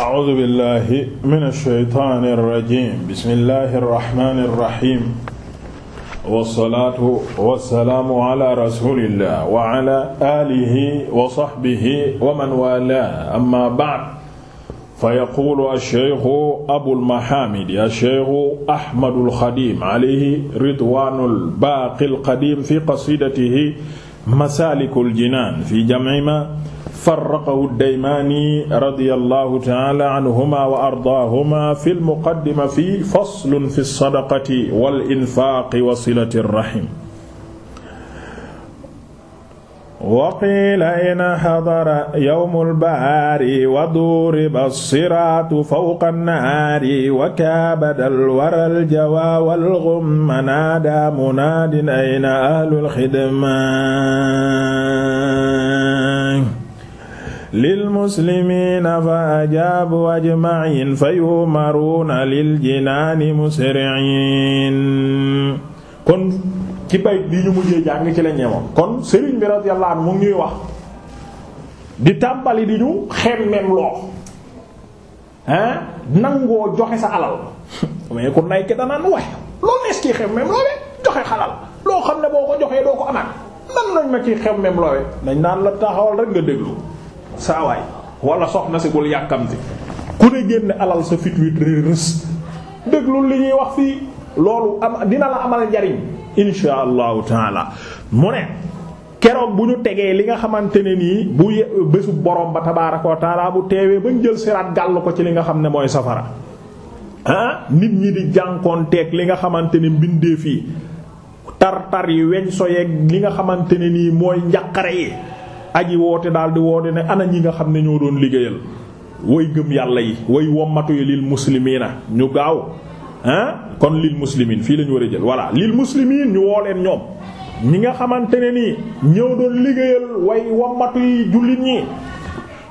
a'uuzu billaahi mina shaytaani rajiim bismillaahi rahmaani rahiim wasalaatu wasalaamu ala rasulillah wa ala aalihi wa sahbihi wa man waalaahu amma ba'd fa yaquulu ash-shaykhu abul mahaamidi ash-shaykhu ahmadul xadiim alayhi ridwaanul baaqil qadiim fi qasiidatihi masaalikul jinaan fi jam'i maa farraqahu daymaani radiyallahu ta'ala anhuma wa ardaahuma fi lmuqaddima fi faslun fi sadaqati wal infaaqi wa silati rahim wa qiila in hadara yawmul baari wa duriba siraatu fawqa nnaari wa kaabadal waral jawaa wal ghumma naadaa munaadin ayna ahlul xidma lilmuslimina fa ajaabu ajma'in fa yumaruna liljinaani musri'in kon ci bayit bi ñu mujjee jàng ci la ñeemoon kon sëriñ bi radiyallahu anhu mu ngi ñuy wax di tàmbali di ñu xemmem loo hein nangoo joxe sa alal mais ku nay ki danaan loolu joxe xalal loo xam ne boo ko joxee doo ko amaat nan nañ ma ciy xemmem loowe dañ naan la taxawal rek nga déglu saawaay wala soxna si bul yàkkamti ku ne génne alal sa fit wit rës li ñuy wax fii loolu am dina la amal njariñ insha allahu taala mu ne keroog bu ñu tegee li nga xamante ne nii bu bésu borom ba tabaaraka wa bu teewee ba ñu jël siraat gàll ko ci li nga xam ne mooy safara ah nit ñi di jànkoonteeg li nga xamante ne mbindeef yi tar tar yi weñ so li nga xamante ne nii mooy njàqare yi yi woote daal di woote ne ana ñi nga xam ne ñoo doon liggéeyal woy gëm yàlla yi way wommatu yi lil muslimiina ñu gaaw kon lil muslimiin fii la ñu war a jël voilà lil muslimiin ñu woo leen ñoom ñi nga xamante ne nii ñoo doon liggéeyal way wommatu yi jullit ñi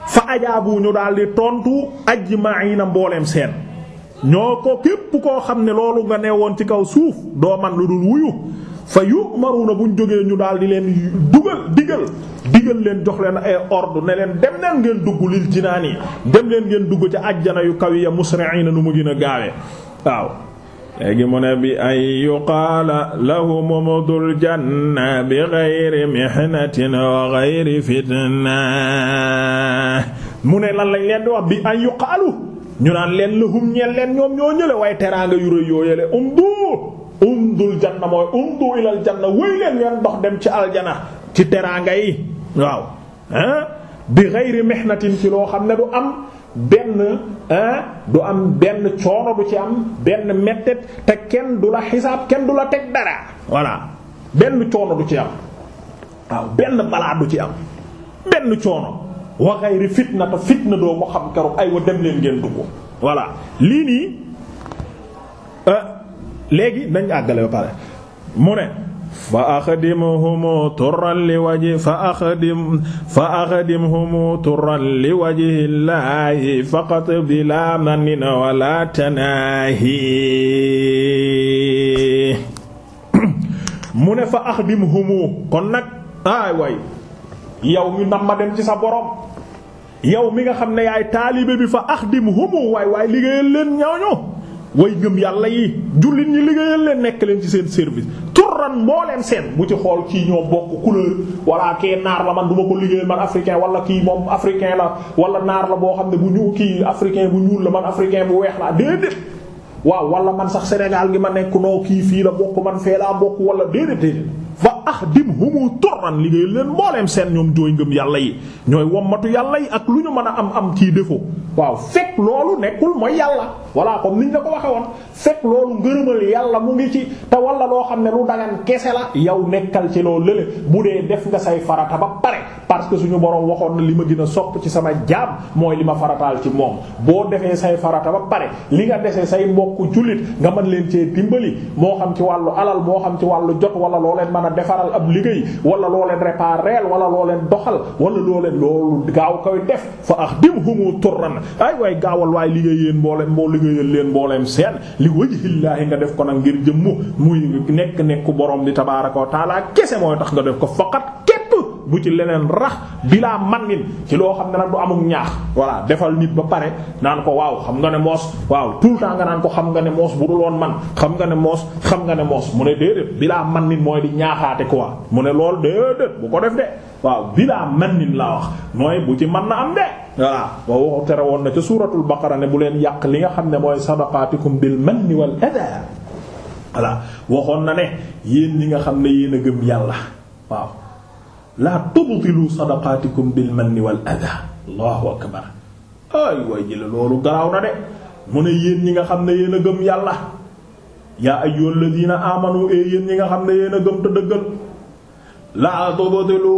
fa ajaabu ñu daal di tontu ajma'iina mbooleem seen ñoo ko képp koo xam ne loolu nga woon ci kaw suuf doo man lu dul wuyu fa yu'maruna buñ jógee ñu daal di leen dugal digal digal leen jox leen ay ordre ne leen dem leen ngeen dugg lil jinaani dem leen ngeen dugg ca ajjana yu kaw ya na nu mu gën a gaawee waaw léegi mu ne bi an yuqaala lahum udkhulul janna bi ghayri mihnatin wa ghayri fitna mu ne lan lañ leen di wax bi an yuqaalu ñu naan leen lahum ñeen leen ñoom ñoo ñële waaye teraanga yu rëy yoo yële umdu undul janna mooy undu ilal janna wéy leen ngeen dox dem ci aljana ci teraanga yi waaw ah bi ghayri mihnatin ci loo xam ne du am benn ah du am benn coono du ci am benn mettet te kenn du la kenn du la teg dara voilà benn coono du ci am waaw benn balaa du ci am benn coono wa ghayri fitna te fitna doo ko xam keroog dem leen ngeen dugg voilà lii nii. Euh, léegi nañ àggale ba pare mu ne fa axdimhum turan li waji fa axdim fa axdimhum turan li wajhillaahi faqat bila manin wala tanaahi mu ne fa axdimhum kon nag aay way yow mi nam ma dem ci sa borom yow mi nga xam ne yaay taalibe bi fa axdimhum waay waay liggéeyal leen ñooñu way ngëm yàlla yi jullit ñi liggéeyal leen nekk leen ci seen service turan moo leen seen bu ci xool kii ñoo bokk couleur walla kee naar la man duma ko liggéeyal man africain wala kii moom africain la wala naar la boo xam ne bu ñu kii africain bu ñuul la man africain bu weex la déedéet waaw wala man sax Sénégal gi ma nekk noo kii fii la bokk man fee laa bokk wala déedéet déedéet axdimhumu turran liggéeyal leen mbooleem seen ñoom jooy ngëm yàlla yi ñooy wommatu yàlla yi ak lu ñu mën a am am ci défaut waaw fekk loolu nekkul mooy yàlla voilà comme niñ la ko waxe woon fekk loolu ngërëmal yàlla mu ngi ci te wala loo xam ne lu dagan kese la yow nekkal ci loo lële bu dee def nga say farata ba pare parce que suñu borom waxoon na li ma gën a sopp ci sama jaam mooy li ma farataal ci moom boo defee say farata ba pare li nga dese say mbokk julit nga mën leen cee dimbali moo xam ci wàllu alal moo xam ci wàllu jot wala loo leen mën a defaral ab liggéey wala loo leen réparer wala loo leen doxal wala loo leen loolu gaaw koy def fa axdimhumu turran ay waay gaawal waay liggéeyeen mbooleem moo liggéeyal leen mbooleem seen li wajhillaahi nga def ko nag ngir jëmmu muy nekk nekku borom di tabaaraka wa taala kese mooy tax nga def ko faqat bu ci leneen rax bilaa mannin ci loo xam ne nag du amuk ñaax voilà defal nit ba pare naan ko waaw xam nga ne moos waaw tout le temps nga naan ko xam nga ne moos bu woon man xam nga ne moos xam ne moos mu ne déedéet bilaa mannin mooy di ñaaxaate quoi mu ne lool déedéet bu ko def de waaw bilaa mannin laa wax mooy bu ci man na am de voilà waxu tere woon na ca suuratul baqara ne bu leen yàq li nga xam ne mooy sadaqaatikum bil manni wal adaa voilà waxoon na ne yéen ñi nga xam ne yéen a gëm yàlla waaw laa tubtilu sadaqaatikum bil manni wal adha allahu akbar ay waay jële loolu garaaw na de mu ne yéen ñi nga xam ne yéen a gëm yàlla yaa ayyul ladina amanu e yéen ñi nga xam ne yéen a gëm te dëggal laa tubtilu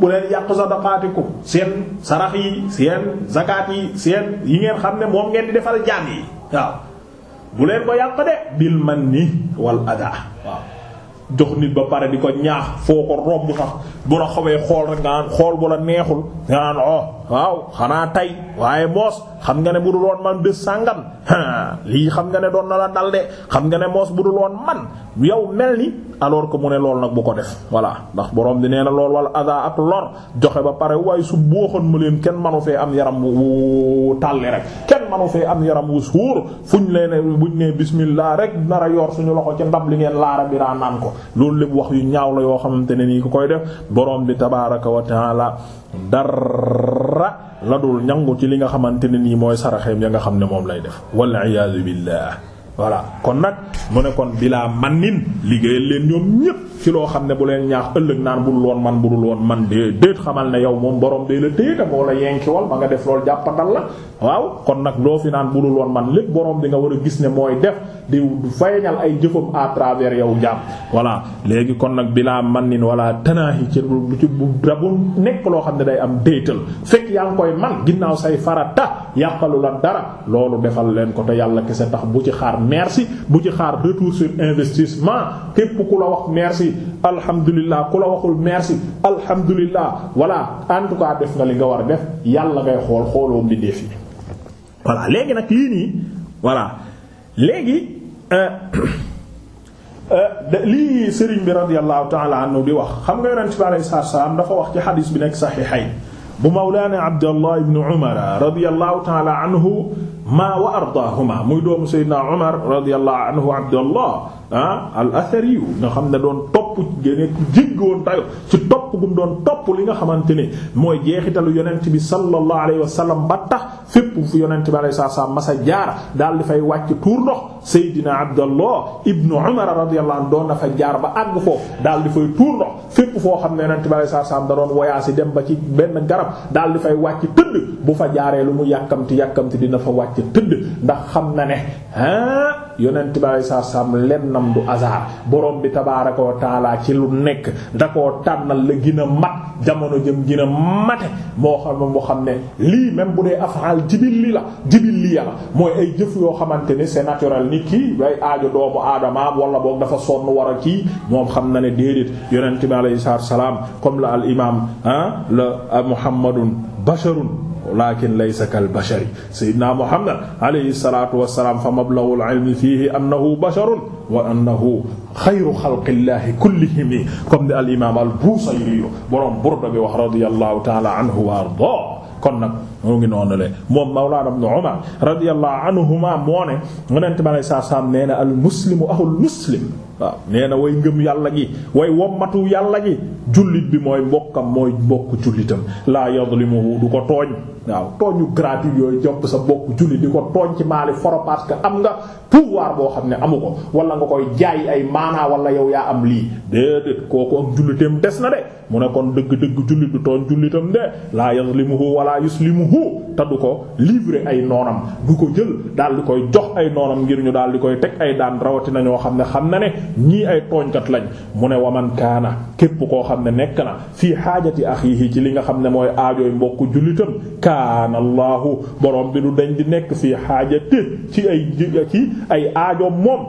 bu leen yàq sadaqaatikum seen sarax yi seen zakat yi seen yi ngeen xam ne moom ngeen di defal jaan yi waaw bu leen ko yàq de bil manni wal adha waaw jox nit ba pare di ko ñaax foo ko romb sax bu la xawee xool rek nga naan xool bu na neexul nga oh, waaw xanaa tey waaye moos xam nga ne bu dul woon man bés sàngam lii xam nga ne doon na la dal de xam nga ne moos bu dul woon man yow mel ni. alors que mu ne lool nag bu ko def voilà ndax borom bi nee na lool wala ada ak lor joxe ba pare waaye su booxoon mu leen kenn manu fee am yaram wu tàlli rek kenn manu fee am yaram wu suur fuñ leen buñ ne bismillah rek nar a yor suñu loxo ci ndab li ngeen laa bi daa naan ko loolu lépp wax yu ñaaw la yoo xamante ne nii ku koy def boroom bi tabaaraka wa taala dara la dul ñangu ci li nga xamante ne nii mooy saraxeem ya nga xam ne moom lay def wal iyaadu voilà kon nag mu ne kon bilaa man nin liggéeyal leen ñoom ñépp ci loo xam ne bu leen ñaax ëllëg naan budul woon man budul woon man dee déet xamal ne yow moom borom dee la téye te moo la yenkiwal ba nga def loolu jàppandal la waaw kon nag loo fi naan budul woon man lépp borom di nga war a gis ne mooy def di fayañal ay jëfam à travers yow jàmm voilà léegi kon nag bilaa man nin wala tanaahi ci bu ci bu rabun nekk loo xam ne day am déetal fekk yaa ngi koy man ginnaaw say farata yàqalu loolu defal leen ko te yàlla kese tax bu ci xaar merci bu ci xaar retour sur investissement képp ku la wax merci alhamdulilah ku la waxul merci alhamdulilah voilà en tout cas def nga li nga war a def yàlla ngay xool xooloom di def yi voilà léegi nag lii nii voilà léegi euh, euh, lii sëriñ bi radiyallahu ta'ala anhu di wax xam nga yonent bi alayhi salaatu salaam dafa wax ci xadiis bi nekk saxiixayn bu mawlaana Abdallah ibn Umar radiyallahu ta'ala anhu maa wa ardaahuma muy doomu Seydina Omar radiyallahu anhu Abdallah ah al athari yu nga xam ne doon topp gën a jéggi woon tayo topp gum doon topp li nga xamante ne mooy jeexitalu yonent bi sallallahu alayhi wa sallam ba tax fépp fu yonent bi masa jaar daal di fay wàcc tuur ndox Seydina Abdallah ibnu Omar radiyallahu anhu doon na jaar ba àgg foofu daal di fay tuur ndox fépp foo xam ne yonent bi alayhi salaam da doon voyage dem ba ci benn garab daal di fay wàcc tëdd bu fa jaaree lu mu yàkkamti yàkkamti dina fa wàcc ci tëdd ndax xam na ne ah yonent bi saa saam lennam du hasard borom bi tabaaraka wa ci lu nekk da koo tànnal la gën mat jamono jëm gën a mate moo xam ne lii même bu dee afaal jibilli la jibilli ya la mooy ay jëf yoo xamante ni c'est naturel ni kii day aajo doomu aadama wala boog dafa sonn war a kii moom xam na ne déedéet yonent bi alayhi salaam comme la al imaam ah la Muhammadun basharun lakin laysa kal bashari sayyidina muhammad alayhi salatu wassalam fa mablaghu al ilmi fihi annahu basharun wa annahu xayru xalqillahi kullihimi comme di al imam al busayri borom burda bi wax radiyallahu ta'ala anhu wa arda kon nag moo ngi noonu le moom mawlaana ibn Umar radiyallahu anhuma moo ne yonent bi alayhi salaam nee na al muslimu axul muslim waaw nee na way ngëm yàlla gi way wommatu yàlla gi jullit bi mooy mbokkam mooy mbokk jullitam laa yadlimuhu du ko tooñ waaw tooñu gratuit yooyu jopp sa mbokk jullit di ko tooñ ci maali foro parce que am nga pouvoir boo xam ne amu ko wala nga koy jaay ay maanaa wala yow yaa am lii déedéet kooku ak julliteem des na de mu ne kon dëgg-dëgg jullit du tooñ hu te ko libre ay noonam du ko jël daal di koy jox ay noonam ngir ñu daal di koy teg ay daan rawatina ñoo xam ne xam na ne ñii ay tooñkat lañ mu ne waman kaana képp koo xam ne nekk na fii xaajati axiihi ci li nga xam ne mooy aajooy mbokku jullitam kaana allahu borom bi du dañ di nekk fii xaajati ci ay ci ay aajoom moom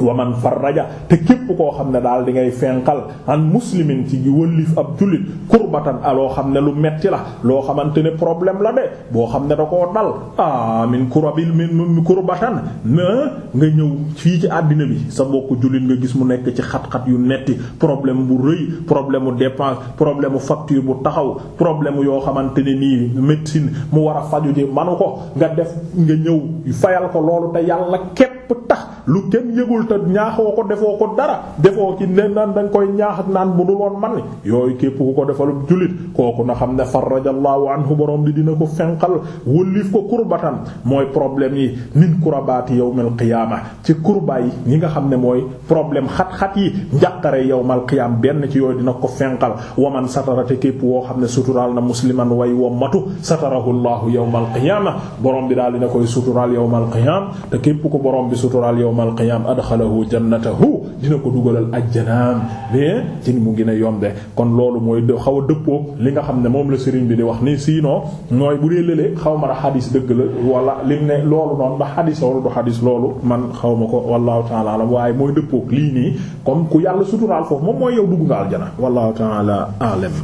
waman farraja te képp koo xam ne daal di ngay fenqal an muslimin ci wëllif ab jullit kurbatan a loo xam ne lu metti la loo xamante ne problème la de boo xam ne da koo dal a min kurabil min kurbatan nga ñëw fii ci àddina bi sa mbokk jullit nga gis mu nekk ci xat-xat yu netti problème bu rëy problème mu dépense problème mu facture bu taxaw problème yoo xamante ne nii médecine mu war a faju ji manu ko nga def nga ñëw fayal ko loolu te yàlla képp képp tax lu kenn yëgul te ñaaxoo ko defoo ko dara defoo ci ne naan dañ koy ñaax ak naan bu dul woon man yooyu képp ku ko defal jullit kooku na xam ne farajallahu anhu borom bi dina ko fenqal wëlliif ko kurbatan mooy problème yi min kurabaati yawmal qiyaama ci kurba yi nga xam ne mooy problème xat-xat yi njàqare yawmal qiyaam benn ci yooyu dina ko fenqal waman satarate képp woo xam ne suturaal na musliman way wommatu satarahu llahu yawmal qiyaama borom bi daal dina koy suturaal yawmal qiyaama te képp ko borom bi suturaal yawmal qiyaam adxalahu jannatahu dina ko dugalal ajjanaam mais ci ni mu gën a yombe kon loolu mooy xaw a dëppoo li nga xam ne moom la sëriñ bi di wax nii sinon mooy bu dee lële xaw ma la dëgg la wala lim ne loolu noonu ndax xadis wala du xadis loolu man xaw ma ko wallahu taala alam waaye mooy dëppook lii nii comme ku yàlla suturaal foofu moom mooy yow dugg nga aljana wallahu taala